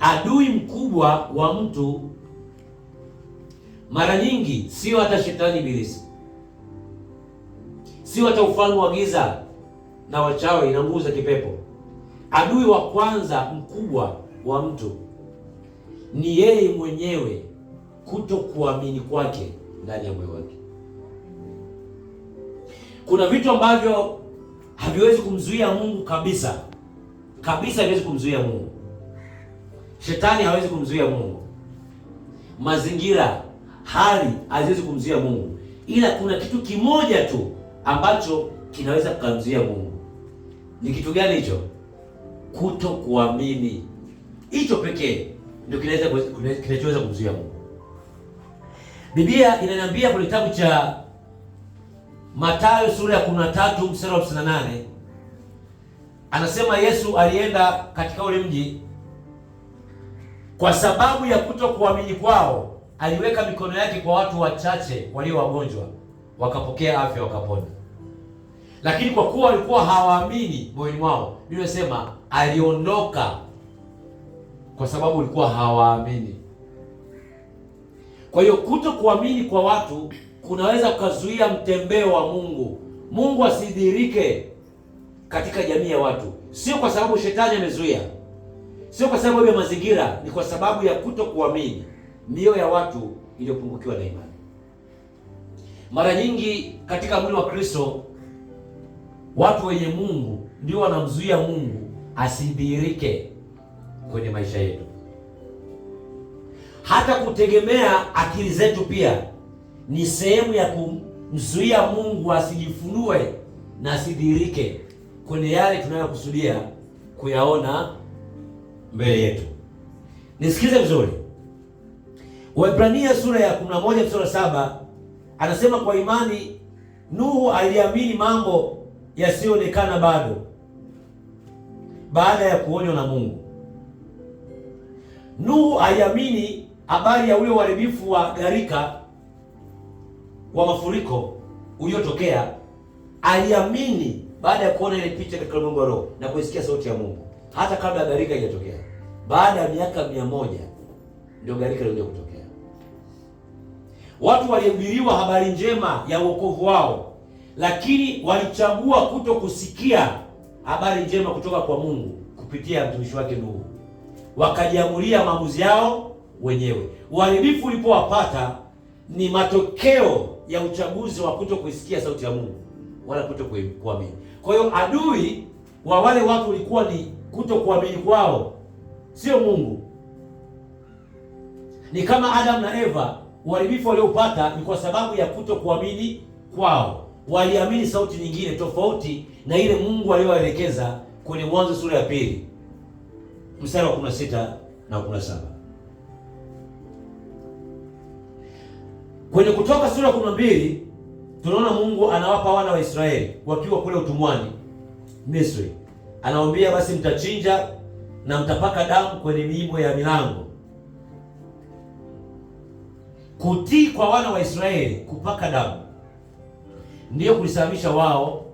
Adui mkubwa wa mtu mara nyingi sio hata shetani ibilisi, sio hata ufalme wa giza na wachawi na nguvu za kipepo. Adui wa kwanza mkubwa wa mtu ni yeye mwenyewe, kutokuamini kwake ndani ya moyo wake. Kuna vitu ambavyo haviwezi kumzuia Mungu kabisa kabisa, haviwezi kumzuia Mungu Shetani hawezi kumzuia Mungu, mazingira, hali haziwezi kumzuia Mungu, ila kuna kitu kimoja tu ambacho kinaweza kumzuia Mungu. Ni kitu gani hicho? Kuto kuamini. Hicho pekee ndio kinachoweza kumzuia Mungu. Biblia inaniambia kwenye kitabu cha Mathayo sura ya 13 mstari wa 58, anasema Yesu alienda katika ule mji kwa sababu ya kuto kuamini kwao, aliweka mikono yake kwa watu wachache walio wagonjwa, wakapokea afya, wakapona. Lakini kwa kuwa walikuwa hawaamini moyoni mwao, nimesema aliondoka, kwa sababu walikuwa hawaamini. Kwa hiyo kuto kuamini kwa watu kunaweza kukazuia mtembeo wa Mungu, Mungu asidhihirike katika jamii ya watu, sio kwa sababu shetani amezuia sio kwa sababu ya mazingira, ni kwa sababu ya kuto kuamini, mioyo ya watu iliyopungukiwa na imani. Mara nyingi katika mwili wa Kristo, watu wenye Mungu ndio wanamzuia Mungu asidhihirike kwenye maisha yetu. Hata kutegemea akili zetu pia ni sehemu ya kumzuia Mungu asijifunue na asidhihirike kwenye yale tunayokusudia kuyaona mbele yetu. Nisikize vizuri, Waebrania sura ya 11 mstari saba anasema kwa imani Nuhu aliamini mambo yasiyoonekana bado, baada ya kuonywa na Mungu. Nuhu aliamini habari ya ule uharibifu wa gharika wa mafuriko uliotokea. Aliamini baada ya kuona ile picha katika ulimwengu wa roho na kuisikia sauti ya Mungu, hata kabla gharika haijatokea baada ya miaka mia moja ndio gharika lilikuja kutokea. Watu walihubiriwa habari njema ya wokovu wao, lakini walichagua kuto kusikia habari njema kutoka kwa Mungu kupitia mtumishi wake Nuhu, wakajiamulia maamuzi yao wenyewe. Uharibifu ulipowapata ni matokeo ya uchaguzi wa kuto kuisikia sauti ya Mungu wala kuto kuamini. Kwa hiyo adui wa wale watu ulikuwa ni kuto kuamini kwao sio Mungu. Ni kama Adam na Eva, uharibifu walioupata ni kwa sababu ya kutokuamini kwao. Waliamini sauti nyingine tofauti na ile Mungu aliyowaelekeza kwenye Mwanzo sura ya pili mstari wa 16 na 17. Kwenye Kutoka sura ya 12 tunaona Mungu anawapa wana wa Israeli wakiwa kule utumwani Misri, anawambia basi mtachinja na mtapaka damu kwenye miimo ya milango. Kutii kwa wana wa Israeli kupaka damu ndiyo kulisababisha wao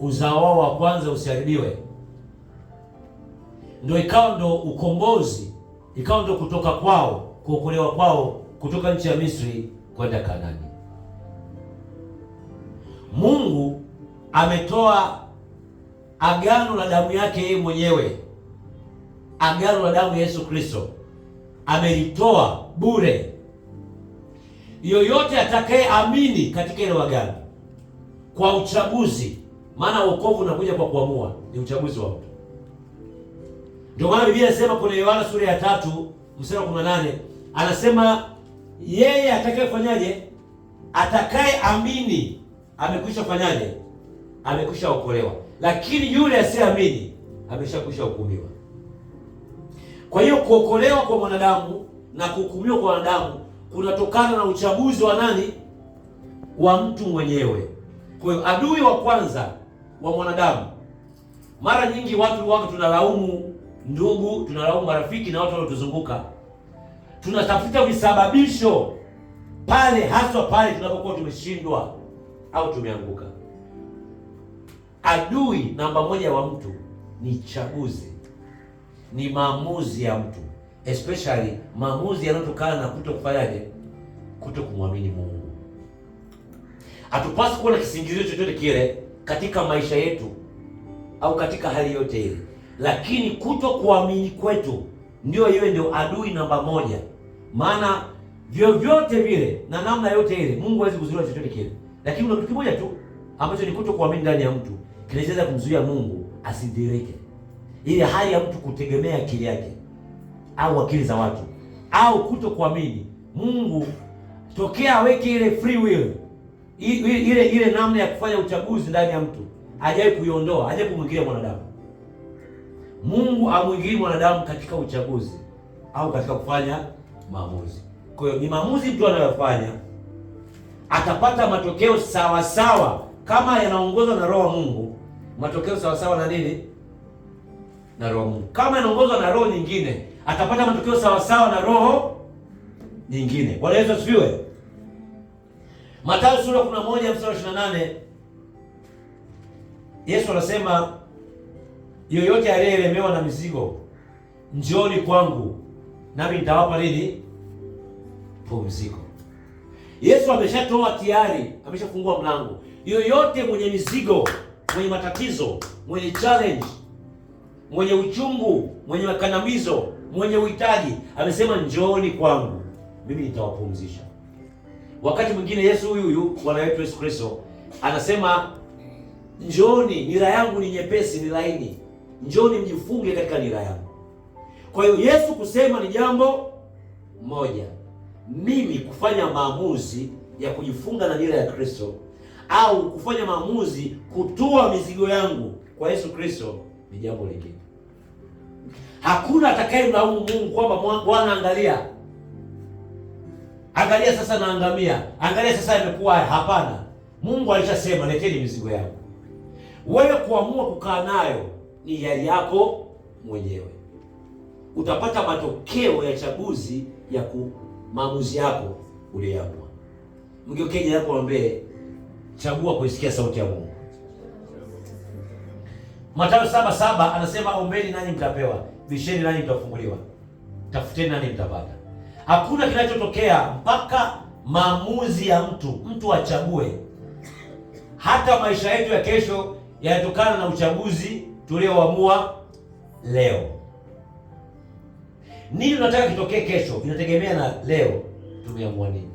uzao wao wa kwanza usiharibiwe, ndio ikawa ndo ukombozi, ikawa ndo kutoka kwao, kuokolewa kwao kutoka nchi ya Misri kwenda kanani Mungu ametoa agano la damu yake yeye mwenyewe agano la damu Yesu Kristo amelitoa bure. Yoyote atakayeamini katika ile agano kwa uchaguzi, maana wokovu unakuja kwa kuamua, ni uchaguzi wa mtu. Ndio maana Biblia inasema kwenye Yohana sura ya tatu mstari wa 18 anasema yeye atakayefanyaje, atakayeamini amekwisha fanyaje, amekwisha okolewa, lakini yule asiyeamini ameshakwisha hukumiwa. Kwa hiyo kuokolewa kwa mwanadamu na kuhukumiwa kwa wanadamu kunatokana na uchaguzi wa nani? Wa mtu mwenyewe. Kwa hiyo adui wa kwanza wa mwanadamu, mara nyingi watu wako, tunalaumu ndugu, tunalaumu marafiki na watu wanaotuzunguka, tunatafuta visababisho pale, haswa pale tunapokuwa tumeshindwa au tumeanguka. Adui namba moja wa mtu ni chaguzi ni maamuzi ya mtu, especially maamuzi yanayotokana na kuto kufanyaje, kuto kumwamini Mungu. Hatupaswi kuwa na kisingizio chochote kile katika maisha yetu au katika hali yote ile, lakini kuto kuamini kwetu ndio iwe ndio adui namba moja, maana vyovyote vile na namna yote ile Mungu hawezi kuzuia chochote kile, lakini kuna kitu kimoja tu ambacho ni kuto kuamini ndani ya mtu kinaweza kumzuia Mungu asidhirike ile hali ya mtu kutegemea akili yake au akili za watu au kuto kuamini Mungu tokea aweke ile free will ile ile namna ya kufanya uchaguzi ndani ya mtu, hajawahi kuiondoa, hajawahi kumwingilia mwanadamu. Mungu amwingilii mwanadamu katika uchaguzi au katika kufanya maamuzi. Kwa hiyo ni maamuzi mtu anayofanya atapata matokeo sawasawa, kama yanaongozwa na roho wa Mungu, matokeo sawasawa na nini na roho Mungu. Kama anaongozwa na roho nyingine, atapata matokeo sawasawa na roho nyingine. Bwana Yesu asifiwe. Mathayo sura ya 11 mstari nane Yesu anasema yoyote aliyelemewa na mizigo, njooni kwangu nami nitawapa nini? Pumziko. Yesu ameshatoa tayari, ameshafungua mlango. Yoyote mwenye mizigo, mwenye matatizo, mwenye challenge mwenye uchungu, mwenye makandamizo, mwenye uhitaji, amesema njooni kwangu, mimi nitawapumzisha. Wakati mwingine Yesu huyu huyu Bwana wetu Yesu Kristo anasema njooni, nira yangu ni nyepesi, ni laini, njooni mjifunge katika nira yangu. Kwa hiyo Yesu kusema ni jambo moja, mimi kufanya maamuzi ya kujifunga na nira ya Kristo au kufanya maamuzi kutua mizigo yangu kwa Yesu Kristo ni jambo lingine. Hakuna mlaumu Mungu kwamba Bwana, angalia, angalia sasa naangamia, angalia sasa imekuwa. Hapana, Mungu alishasema leteni mizigo yangu. Wewe kuamua kukaa nayo ni yali yako mwenyewe. Utapata matokeo ya chaguzi ya ku maamuzi yako uliyoamua. Mgeukeje jirani yako mwambie, chagua kuisikia sauti ya Mungu. Mathayo saba saba anasema ombeni nanyi mtapewa, visheni nanyi mtafunguliwa, tafuteni nanyi mtapata. Hakuna kinachotokea mpaka maamuzi ya mtu, mtu achague. Hata maisha yetu ya kesho yanatokana na uchaguzi tulioamua leo. Nini tunataka kitokee kesho inategemea na leo tumeamua nini,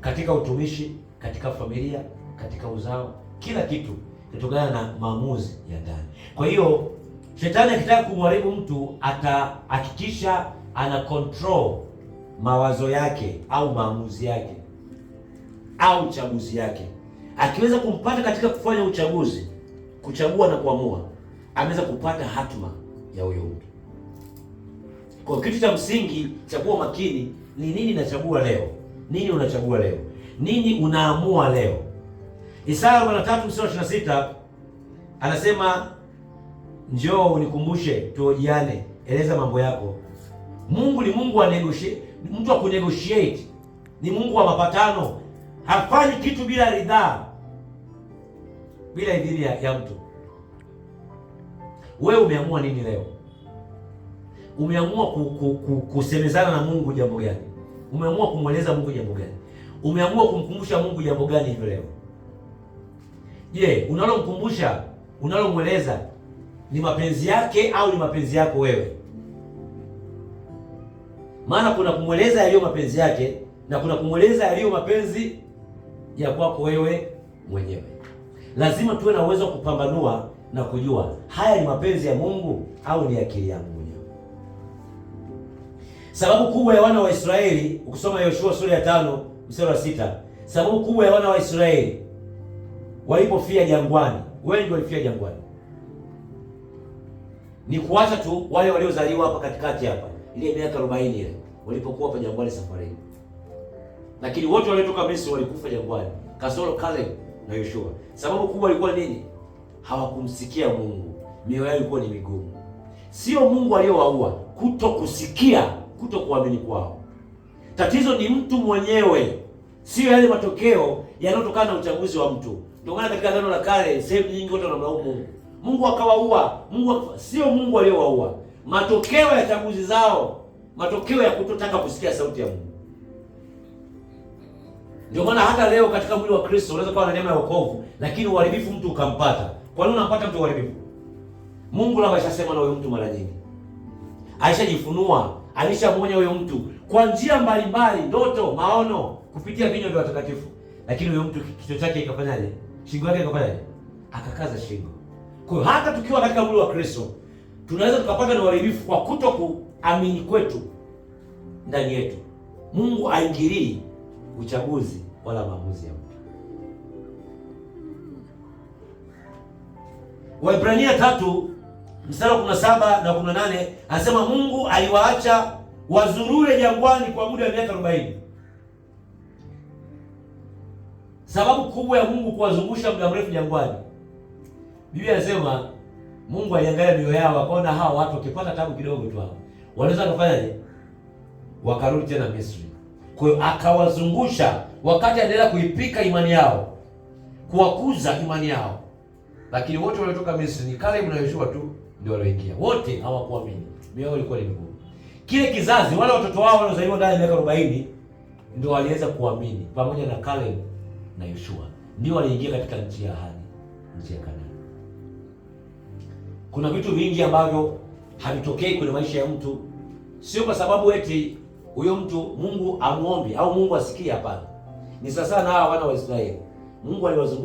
katika utumishi, katika familia, katika uzao, kila kitu kutokana na maamuzi ya ndani. Kwa hiyo shetani akitaka kumharibu mtu atahakikisha ana control mawazo yake au maamuzi yake au chaguzi yake. Akiweza kumpata katika kufanya uchaguzi, kuchagua na kuamua, ameweza kupata hatma ya huyo mtu. Kwa kitu cha msingi cha kuwa makini ni nini nachagua leo, nini unachagua leo, nini unaamua leo. Isaya 43 mstari wa 26 anasema njoo unikumbushe, tuojiane, eleza mambo yako. Mungu ni Mungu wa negotiate, mtu wa kunegotiate, ni Mungu wa mapatano. Hafanyi kitu bila ridhaa, bila idhini ya, ya mtu. Wewe umeamua nini leo? Umeamua ku, ku, ku, kusemezana na Mungu jambo gani? Umeamua kumweleza Mungu jambo gani? Umeamua kumkumbusha Mungu jambo gani hivi leo? Je, unalomkumbusha unalomweleza ni mapenzi yake au ni mapenzi yako wewe? Maana kuna kumweleza yaliyo mapenzi yake na kuna kumweleza yaliyo mapenzi ya kwako wewe mwenyewe. Lazima tuwe na uwezo wa kupambanua na kujua haya ni mapenzi ya Mungu au ni akili yangu mwenyewe. Sababu kubwa ya wana wa Israeli, ukisoma Yoshua sura ya tano mstari wa sita, sababu kubwa ya wana wa Israeli walipofia jangwani, wengi walifia jangwani. Ni kuacha tu wale waliozaliwa hapa katikati hapa, ile miaka 40 ile walipokuwa hapa jangwani safarini, lakini wote waliotoka Misri walikufa jangwani, kasoro Caleb na Yoshua. Sababu kubwa ilikuwa nini? Hawakumsikia Mungu, mioyo yao ilikuwa ni migumu. Sio Mungu aliyowaua, kutokusikia, kuamini kwao. Tatizo ni mtu mwenyewe, sio yale matokeo yanayotokana na uchaguzi wa mtu. Ndio maana katika Agano la Kale sehemu nyingi watu wanamlaumu Mungu. Mungu akawaua, Mungu sio Mungu aliyowaua. Matokeo ya chaguzi zao, matokeo ya kutotaka kusikia sauti ya Mungu. Ndio maana hata leo katika mwili wa Kristo unaweza kuwa na neema ya wokovu, lakini uharibifu mtu ukampata. Kwa nini unampata mtu uharibifu? Mungu labda ashasema na huyo mtu mara nyingi, alishajifunua, alishamuonya huyo mtu kwa njia mbalimbali, ndoto, maono, kupitia vinywa vya watakatifu, lakini huyo mtu kichwa chake ikafanyaje? shingo yake akafanya akakaza shingo. Kwa hiyo hata tukiwa katika mwili wa Kristo tunaweza tukapata na uharibifu kwa kuto kuamini kwetu ndani yetu. Mungu aingilii uchaguzi wala maamuzi ya mtu. Waibrania tatu mstari wa kumi na saba na kumi na nane anasema Mungu aliwaacha wazurure jangwani kwa muda wa miaka arobaini Sababu kubwa ya Mungu kuwazungusha muda mrefu jangwani, Biblia inasema Mungu aliangalia mioyo yao akaona hawa watu wakipata tabu kidogo tu hapo wanaweza kufanyaje, wakarudi tena Misri. Kwa hiyo akawazungusha wakati anaendelea kuipika imani yao, kuwakuza imani yao, lakini wote waliotoka Misri ni Kalebu na Yoshua tu ndio walioingia, wote hawakuamini, mioyo yao ilikuwa ni migumu. Kile kizazi, wale watoto wao waliozaliwa ndani ya miaka 40 ndio waliweza kuamini pamoja na Kalebu na Yoshua ndio waliingia katika nchi ya ahadi, nchi ya Kanaani. Kuna vitu vingi ambavyo havitokei kwenye maisha ya mtu, sio kwa sababu eti huyo mtu Mungu amuombe au Mungu asikie. Hapana, ni sasa na hawa wana wa Israeli Mungu aliwazungusha